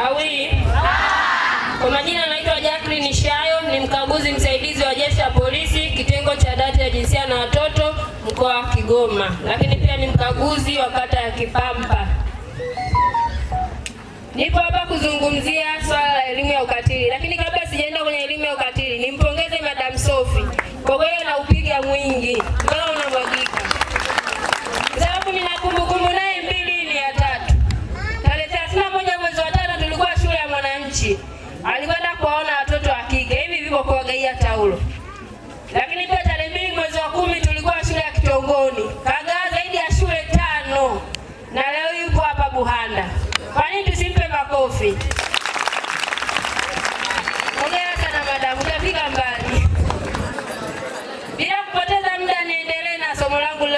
Awili. Kwa majina naitwa Jacqueline Shayo, ni mkaguzi msaidizi wa jeshi la polisi kitengo cha data ya jinsia na watoto mkoa wa Kigoma, lakini pia ni mkaguzi wa kata ya Kipampa. niko hapa kuzungumzia swala la elimu ya ukatili, lakini kabla sijaenda kwenye elimu ya ukatili, nimpongeze Madam Sophie kwa kweli nchi. Alikwenda kuwaona watoto wa kike hivi viko kuwagaia taulo. Lakini pia tarehe mbili mwezi wa kumi tulikuwa shule ya Kitongoni, kagaa zaidi ya shule tano, na leo yuko hapa Buhanda. Kwa nini tusimpe makofi? Hongera sana utafika mbali. Bila kupoteza muda, niendelee na somo langu.